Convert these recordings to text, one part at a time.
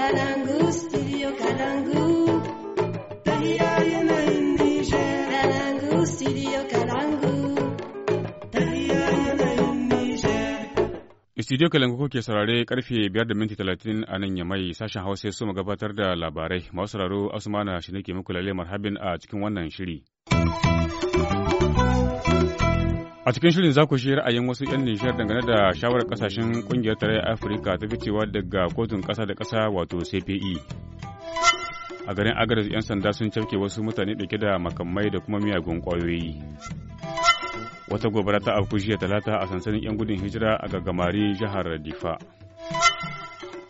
Kalangu, studio Kalangu. Tahiya ke kuke saurare karfe biyar da minti talatin a nan ya mai sashen Hausa su gabatar da labarai. Masu sauraro Asmana shi nake muku lalle marhabin a cikin wannan shiri. A cikin shirin za ku shi ra'ayin wasu 'yan nishiyar dangane da shawarar kasashen kungiyar tarayyar Afirka ta ficewa daga kotun kasa da kasa wato CPE. A garin agaris 'yan sanda sun cafke wasu mutane ɗauke da makamai da kuma miyagun kwayoyi Wata gobara ta afku jiya talata a sansanin 'yan gudun hijira a gagamari jihar Difa.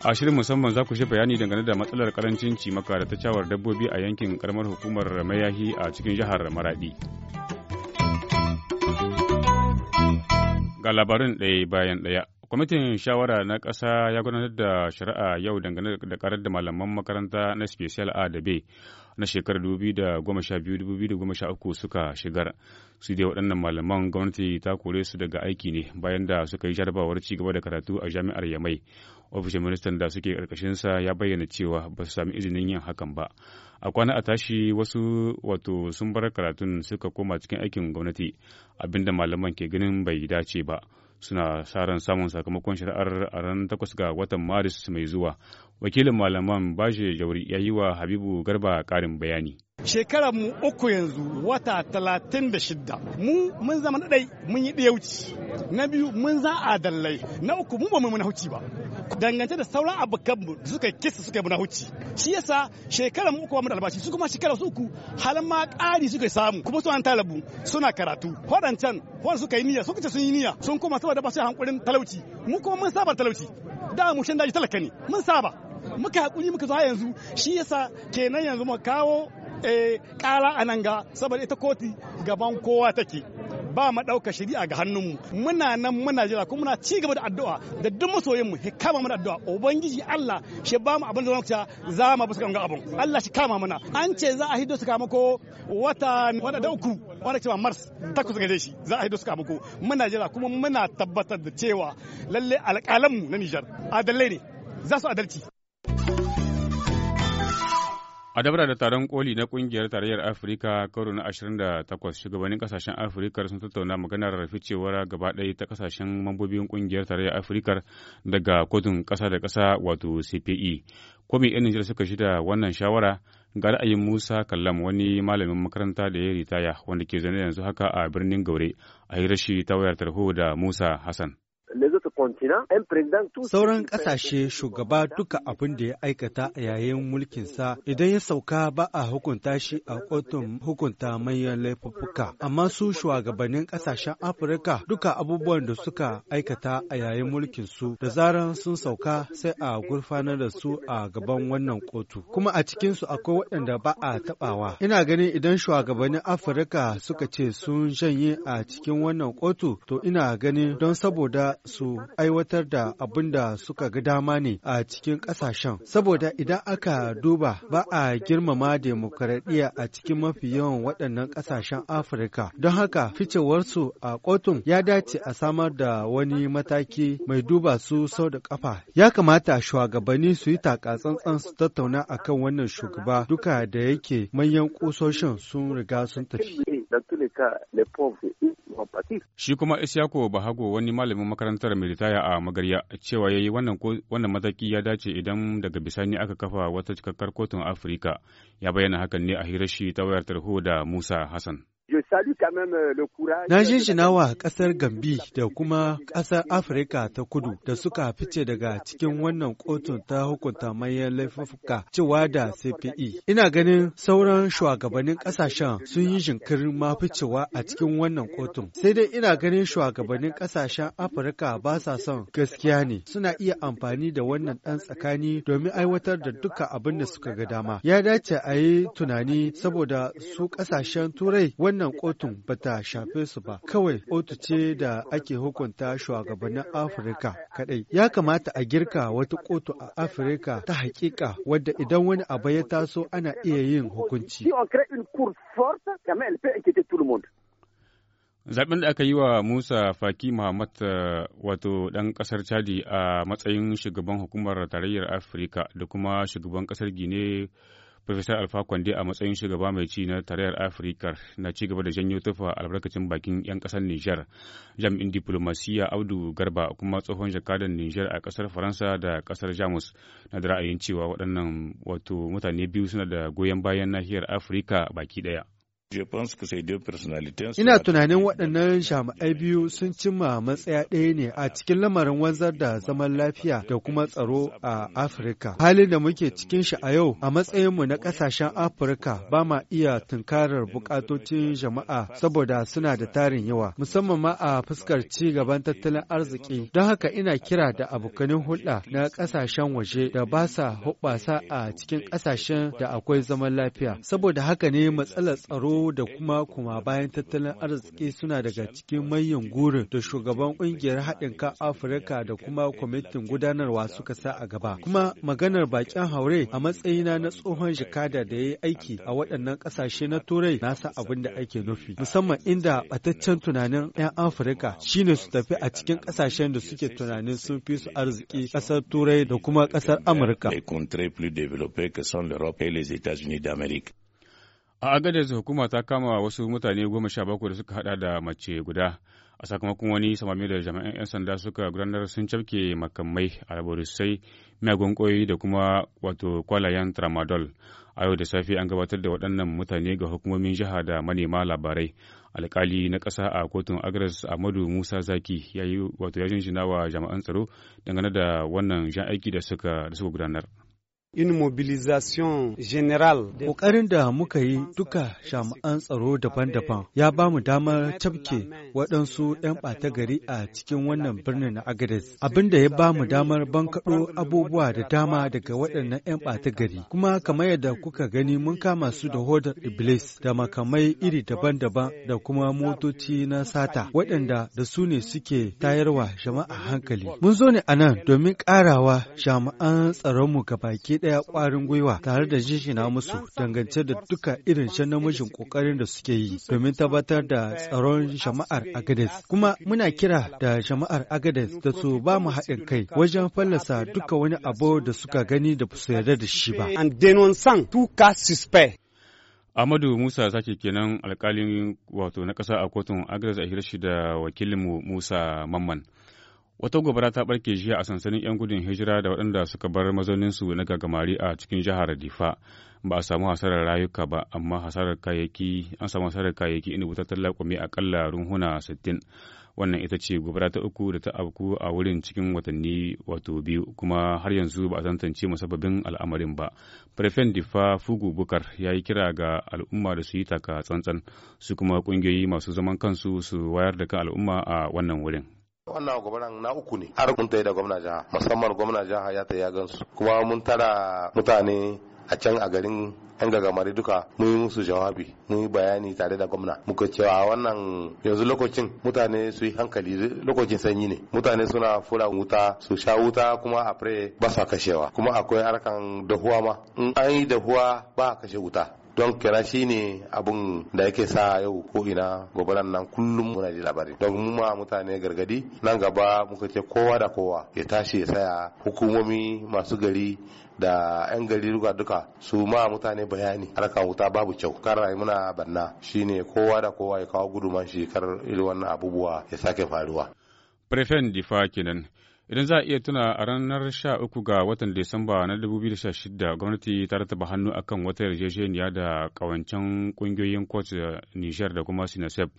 A shirin musamman za ku shi bayani dangane da matsalar karancin cimaka da ta cawar dabbobi a yankin karamar hukumar Mayahi a cikin jihar Maradi. Ga labarin ɗaya bayan ɗaya. Kwamitin shawara na ƙasa ya gudanar da shari'a yau dangane da karar da malaman makaranta na Special A da B na shekarar 2012-2013 suka shigar. Su dai waɗannan malaman gwamnati ta kore su daga aiki ne bayan da suka yi jarabawar ci gaba da karatu a jami'ar Yamai. ofishin ministan da suke karkashin sa ya bayyana cewa ba su sami izinin yin hakan ba a kwana a tashi wasu wato sun bar karatun suka koma cikin aikin gwamnati abinda malaman ke ganin bai dace ba suna sa ran samun sakamakon shari'ar a ran takwas ga watan maris mai zuwa wakilin malaman bashi jauri ya yi wa habibu garba karin bayani shekarar mu uku yanzu wata talatin da shidda mu mun zama ɗai mun yi wuci na biyu mun za a dallai na uku mu ba mu muna huci ba dangance da sauran abokan mu suka kisa suka muna huci shi yasa shekarar mu uku ba mu da albashi su kuma shekarar su uku halin ma ƙari suka samu kuma su an talabu suna karatu waɗancan wanda suka yi niyya suka ce sun yi niyya sun kuma saboda ba su hankulin talauci mu kuma mun saba talauci da mu shan daji talaka ne mun saba muka hakuri muka zo yanzu shi yasa kenan yanzu mu kawo Eh, kara a nan ga saboda ita koti gaban kowa take ba mu ɗauka shari'a ga hannunmu muna nan muna jira kuma muna ci gaba da addu'a da duk masoyinmu ya kama mana addu'a ubangiji Allah shi ba mu abin da zama za mu bi su abun Allah shi kama mana an ce za a hido su kama ko wata wata da uku wanda ce mars takwas ga shi za a hido su kama ko muna jira kuma muna tabbatar da cewa lalle alƙalanmu na Niger adalai ne za su adalci A dabara da taron koli na kungiyar tarayyar Afirka karo na 28 shugabannin kasashen Afirka sun tattauna maganar ficewar gaba ɗaya ta kasashen mambobin kungiyar tarayyar Afirka daga kotun ƙasa da ƙasa wato CPE. Komi ɗin Nijar suka shida wannan shawara ga ra'ayin Musa Kallam wani malamin makaranta da ya ritaya wanda ke zane yanzu haka a birnin Gaure a rashi ta wayar tarho da Musa Hassan. Sauran ƙasashe shugaba duka abin da ya aikata a yayin mulkinsa idan ya sauka ba a hukunta shi a kotun hukunta manyan laifuffuka. Amma su shugabannin ƙasashen Afirka duka abubuwan da suka aikata a yayin mulkin su da zaran sun sauka sai a gurfanar da su a gaban wannan kotu. Kuma a cikinsu akwai waɗanda ba a taɓawa. Ina ganin idan shugabannin Afirka suka ce sun janye a cikin wannan kotu to ina ganin don saboda su aiwatar da abin da suka ga dama ne a cikin ƙasashen. Saboda idan aka duba ba a girmama demokaradiyya a cikin mafi yawan waɗannan ƙasashen Afirka. Don haka ficewarsu a kotun ya dace a samar da wani mataki mai duba su sau da ƙafa. Ya kamata shugabanni su yi tsantsan su tattauna akan wannan shugaba duka da yake manyan ƙusoshin sun riga sun tafi. Shi kuma Ishaku Bahago wani malamin makarantar mai ritaya a Magarya cewa ya yi wannan mataki ya dace idan daga bisani aka kafa wata cikakkar kotun Afirka. Ya bayyana hakan ne a hirar shi ta wayar tarho da Musa Hassan. Euh, Na jinjinawa ƙasar Gambi da kuma ƙasar Afirka ta kudu da suka fice daga cikin wannan kotun ta hukunta manyan laifuka cewa da CPE. Ina ganin sauran shugabannin ƙasashen sun yi jinkirin ma ficewa a cikin wannan kotun. Sai dai ina ganin shugabannin ƙasashen Afirka ba sa son gaskiya ne suna iya amfani da wannan ɗan tsakani domin aiwatar da duka abin da suka ga dama. Ya dace a yi tunani saboda su ƙasashen Turai wannan wannan kotun ba ta shafe su ba, kawai kotu ce da ake hukunta shugabannin Afirka kaɗai. Ya kamata a girka wata kotu a Afirka ta hakika wadda idan wani abu ya taso ana iya yin hukunci. Zaɓen da aka yi wa Musa Faki Muhammad eh, wato ɗan ƙasar Chadi a matsayin shugaban hukumar tarayyar Afirka da kuma shugaban ƙasar Guinea Profesor Alfa Kwande a matsayin shugaba mai ci na tarayyar Afirka na ci gaba da janyo tufa albarkacin bakin 'yan kasar Nijar. jam'in diplomasiya audu Garba kuma tsohon jakadan Nijar a kasar Faransa da kasar Jamus na da ra'ayin cewa waɗannan wato mutane biyu suna da goyon bayan nahiyar Afirka baki ɗaya. Ina tunanin waɗannan jami'ai biyu sun cimma matsaya ɗaya ne a cikin lamarin wanzar da zaman lafiya da kuma tsaro a Afirka. Halin da muke cikin shi a yau a matsayinmu na ƙasashen Afirka ba ma iya tunkarar buƙatocin jama'a saboda suna da tarin yawa, musamman ma a fuskar ci gaban tattalin arziki. Don haka ina kira da abokanin hulɗa na ƙasashen waje da ba sa hoɓɓasa a cikin ƙasashen da akwai zaman lafiya. Saboda haka ne matsalar tsaro da kuma kuma bayan tattalin arziki suna daga cikin manyan gurin da shugaban kungiyar haɗin ka Afirka da kuma kwamitin gudanarwa suka sa a gaba. Kuma maganar bakin haure a matsayina na tsohon jikada da ya yi aiki a waɗannan ƙasashe na Turai na sa abin da ake nufi. Musamman inda ɓataccen tunanin 'yan Afirka shine su tafi a cikin ƙasashen da suke tunanin sun fi su arziki ƙasar Turai da kuma ƙasar Amurka. A agadar hukuma ta kama wasu mutane goma sha bakwai da suka hada da mace guda. A sakamakon wani samami da jami'an 'yan sanda suka gudanar sun cafke makamai albarusai miyagun ƙwayoyi da kuma wato kwalayen tramadol. A yau da safe an gabatar da waɗannan mutane ga hukumomin jiha da manema labarai. alkali na ƙasa a kotun Agres Ahmadu Musa Zaki ya yi wato ya jinjina wa jami'an tsaro dangane da wannan jan aiki da suka gudanar. in mobilization general. Ƙoƙarin da muka yi duka jami'an tsaro daban-daban ya ba mu damar tafke waɗansu 'yan ɓata gari a cikin wannan birnin na Agadez. Abin da ya ba mu damar bankaɗo abubuwa da dama daga waɗannan 'yan ɓata gari. Kuma kamar yadda kuka gani mun kama su da hodar Iblis da makamai iri daban-daban da kuma motoci na sata waɗanda da su ne suke tayarwa jama'a hankali. Mun zo ne a nan domin ƙarawa jami'an tsaronmu gabaki ɗaya ƙwarin gwiwa tare da jijina musu dangance da duka irin shan namijin ƙoƙarin da suke yi domin tabbatar da tsaron jama'ar Agades. Kuma muna kira da jama'ar Agades da su ba mu haɗin kai wajen fallasa duka wani abu da suka gani da su yarda da shi ba. Amadu Musa sake kenan alkalin wato na ƙasa a kotun Agres a hirshi da wakilinmu Musa Mamman. Wata gobara ta barke jiya a sansanin 'yan gudun hijira da waɗanda suka bar mazaunin su na gagamari a cikin jihar Difa. Ba a samu hasarar rayuka ba, amma hasarar kayayyaki an samu hasarar kayayyaki inda wutar a akalla runhuna 60. Wannan ita ce gobara ta uku da ta afku a wurin cikin watanni wato biyu, kuma har yanzu ba a tantance musabbabin al'amarin ba. Prefen Difa Fugu Bukar ya yi kira ga al'umma da su yi taka tsantsan, su kuma ƙungiyoyi masu zaman kansu su wayar da kan al'umma a wannan wurin. wannan gobaran na uku ne har mun tayi da gwamna jiha musamman gwamna jiha ya ta ya gansu kuma mun tara mutane a can a garin yan gagamari duka mun yi musu jawabi mun yi bayani tare da gwamna muka cewa wannan yanzu lokacin mutane su yi hankali lokacin sanyi ne mutane suna fura wuta su sha wuta kuma a fure ba sa kashewa kuma akwai harkan dahuwa ma in an yi dahuwa ba a kashe wuta don shi ne abun da yake sa yau ko ina gobaran nan kullum muna da labari don mu ma mutane gargadi nan gaba muka ce kowa da kowa ya tashi ya saya hukumomi masu gari da 'yan gari duka duka su ma mutane bayani harka wuta babu kyau kar rayu muna banna shine kowa da kowa ya kawo guduman shi kar irin abubuwa ya sake faruwa. Prefen Difa kenan. Idan za a iya tuna a ranar sha uku ga watan Disamba na 2016 gwamnati ta rataba hannu akan wata yarjejeniya da kawancen kungiyoyin kot Nijar da kuma Sinasef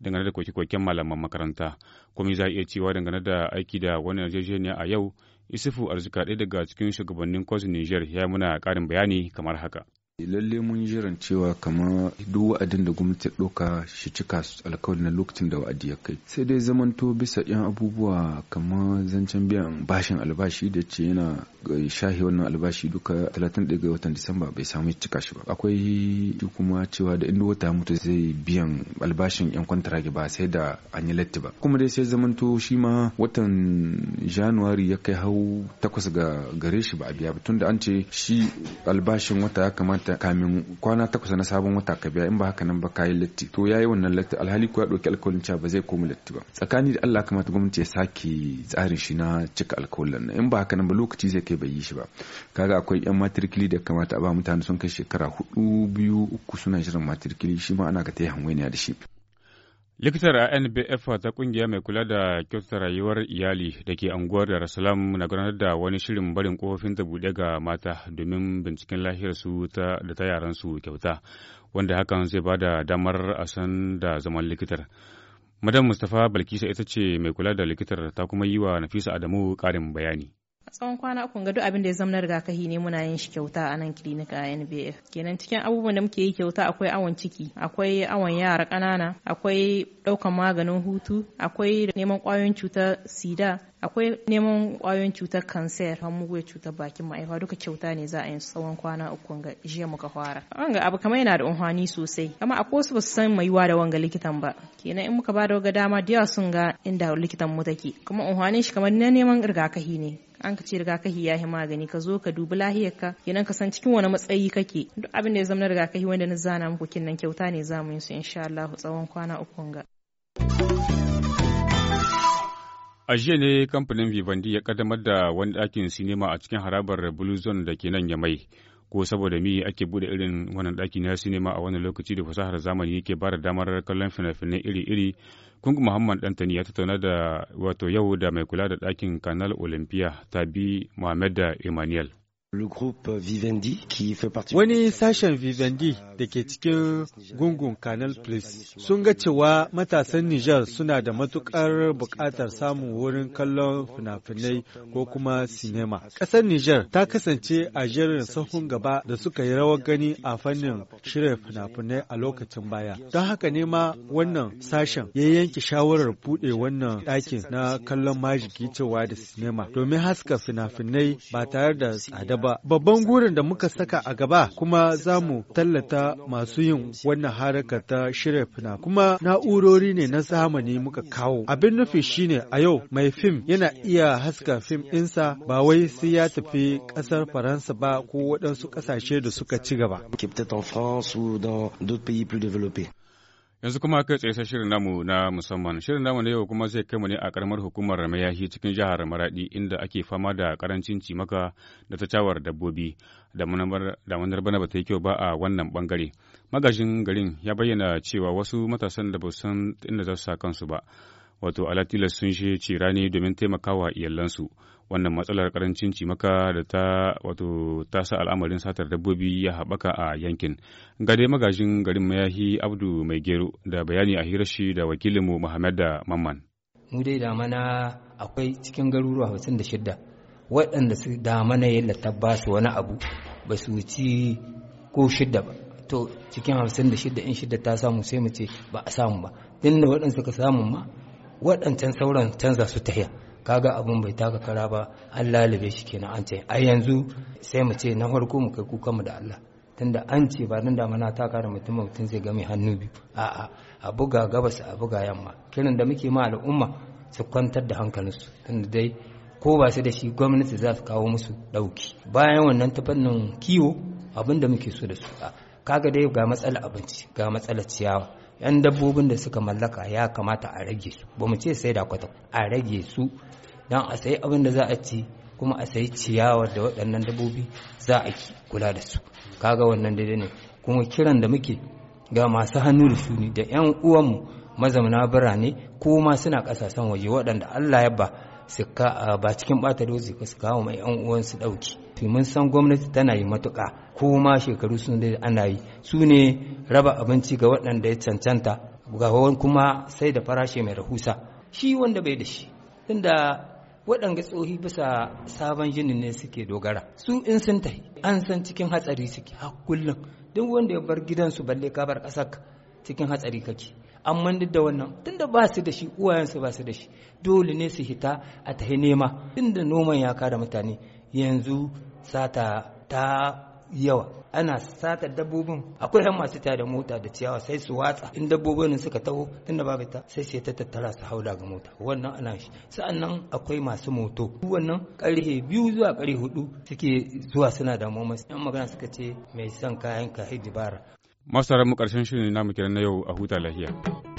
dangane da koke-koken malaman makaranta. Kuma za a iya cewa dangane da aiki da wani yarjejeniya a yau, Isufu Arzika daga cikin shugabannin kot Nijar ya muna ƙarin bayani kamar haka. lalle mun jiran cewa kama duk wa'adin da gwamnati ɗauka shi cika alkawari na lokacin da wa'adi ya kai sai dai zamanto bisa yan abubuwa kama zancen biyan bashin albashi da ce yana shahi wannan albashi duka 31 ga watan disamba bai samu cika shi ba akwai kuma cewa da inda wata mutu zai biyan albashin yan kwantarage ba sai da an yi latti ba kuma dai sai zamanto shi ma watan januwari ya kai hau takwas ga gare shi ba a biya ba tunda an ce shi albashin wata ya kamata ta kamin kwana takwas na sabon wata ka biya in ba haka nan ba kayi latti to yayi wannan latti alhali ko ya ɗauki alkawalin cewa ba zai koma latti ba tsakani da Allah kamata gwamnati ya saki tsarin shi na cika alkawalin nan in ba haka nan ba lokaci zai kai bai yi shi ba kaga akwai yan matrikili da kamata a ba mutane sun kai shekara hudu biyu uku suna shirin matrikili shi ma ana ga ta yi hanwainiya da shi Likitar a NBF ta kungiya mai kula da kyautata rayuwar iyali da ke anguwar Dar Salaam na gudanar da wani shirin barin kofofin ta buɗe ga mata domin binciken su da ta yaransu kyauta, wanda hakan zai ba da damar a san da zaman likitar. Madam Mustapha Balkisa ita ce mai kula da likitar ta kuma yi wa Nafisa Adamu karin bayani. tsawon kwana uku ga duk abin da ya zama na rigakafi ne muna yin shi kyauta a nan clinic a NBF kenan cikin abubuwan da muke yi kyauta akwai awon ciki akwai awon yara ƙanana akwai ɗaukan maganin hutu akwai neman ƙwayoyin cutar sida akwai neman ƙwayoyin cutar kanser hamuwe cutar bakin ma'aifa duka kyauta ne za a yi tsawon kwana uku ga jiya muka fara wanga abu kamar yana da unhwani sosai amma a wasu ba su san mai yiwa da wanga likitan ba kenan in muka ba da wanga dama da yawa sun ga inda likitan mu take kuma unhwanin shi kamar na neman rigakafi ne an ka ce rigakafi ya yi magani ka zo ka dubi lahiyarka kenan ka san cikin wani matsayi kake duk abin da ya zama na rigakafi wanda na zana muku kinnan kyauta ne za mu yi su insha Allah tsawon kwana uku ga. A jiya ne kamfanin Vivendi ya kaddamar da wani ɗakin sinima a cikin harabar Blue Zone da ke nan ya mai Ko saboda mi ake bude irin wannan ɗaki na sinima a wani lokaci da fasahar zamani yake bada damar kallon fina-finai iri-iri Kungu Muhammad Dantani ya tattauna da wato yau da mai kula da ɗakin Kanal Olympia Tabi Mohamed da Emmanuel. Wani sashen Vivendi da ke cikin gungun Canal Plus sun ga cewa matasan Nijar suna da matukar buƙatar samun wurin kallon fina-finai ko kuma sinema. Ƙasar Nijar ta kasance a jirin sahun gaba da suka yi rawar gani a fannin shirin fina-finai a lokacin baya. Don haka ne ma wannan sashen ya yanke shawarar buɗe wannan ɗakin na kallon majiki cewa da sinema domin haska fina-finai ba tare da tsada ba. Babban gurin da muka saka a gaba kuma za mu tallata masu yin wannan haraka ta shirya fina kuma na'urori ne na zamani muka kawo. Abin nufi shine a yau mai fim yana iya haska fim insa, ba wai sai ya tafi ƙasar Faransa ba ko waɗansu ƙasashe da suka ci gaba. Yanzu kuma kai tsaye sai shirin namu na musamman. Shirin namu na yau kuma zai kai mu ne a karamar hukumar Ramayahi cikin jihar Maradi inda ake fama da karancin cimaka da ta cawar dabbobi. Da manar bana ba ta yi kyau ba a wannan bangare. Magajin garin ya bayyana cewa wasu matasan da ba san inda za su sa kansu ba. wato alatila sun shi ne domin taimakawa iyalansu wannan matsalar karancin cimaka da ta wato ta sa al'amarin satar dabbobi ya haɓaka a yankin gade magajin garin mayahi abdu mai gero da bayani a hirar shi da wakilinmu muhammad da mamman mu dai damana akwai cikin garuruwa hamsin da shidda waɗanda su damana ya latabba su wani abu ba su ci ko shidda ba to cikin hamsin da shidda in shidda ta samu sai mu ce ba a samu ba tunda waɗanda suka samu ma waɗancan sauran canza su tahiya kaga abin bai taka kara ba an lalube shi kenan an ce a yanzu sai mu ce na farko mu kai kuka mu da Allah tunda an ce ba nan da mana taka da mutum mutum zai ga mai hannu biyu a'a a buga gabas a buga yamma kiran da muke ma al'umma su kwantar da hankalinsu tunda dai ko ba su da shi gwamnati za su kawo musu ɗauki bayan wannan ta fannin kiwo abin da muke so da su kaga dai ga matsala abinci ga matsala ciyawa 'yan dabbobin da suka mallaka ya kamata a rage su ba mu ce sai da kwata a rage su don a sayi abin da za a ci kuma a sayi ciyawa da waɗannan dabbobi za a kula da su kaga wannan daidai ne kuma kiran da muke ga masu hannu da ne da 'yan uwanmu mazauna birane ko ma suna ƙasashen waje waɗanda allah ya ba ba cikin ɓata dozi ka su kawo mai 'yan uwansu ɗauki to mun san gwamnati tana yi matuƙa ko ma shekaru sun da ana yi su ne raba abinci ga waɗanda ya cancanta ga kuma sai da farashi mai rahusa shi wanda bai da shi tunda waɗanda tsohi bisa sabon jinin ne suke dogara su in sun tafi an san cikin hatsari suke har kullum duk wanda ya bar gidansu balle ka bar ƙasar cikin hatsari kake amma duk da wannan tunda ba su da shi uwayensu ba su da shi dole ne su hita a tahi nema tunda noman ya kare mutane yanzu sata ta yawa ana sata dabbobin akwai yan masu tada mota da ciyawa sai su watsa in dabbobin suka taho tunda babu ta sai sai ta tattara su hauda ga mota wannan ana shi sa'annan akwai masu moto wannan karhe biyu zuwa karhe hudu suke zuwa suna da masu yan magana suka ce mai son kayan ka hijibara masu mu karshen shirin namu kiran na yau a huta lahiya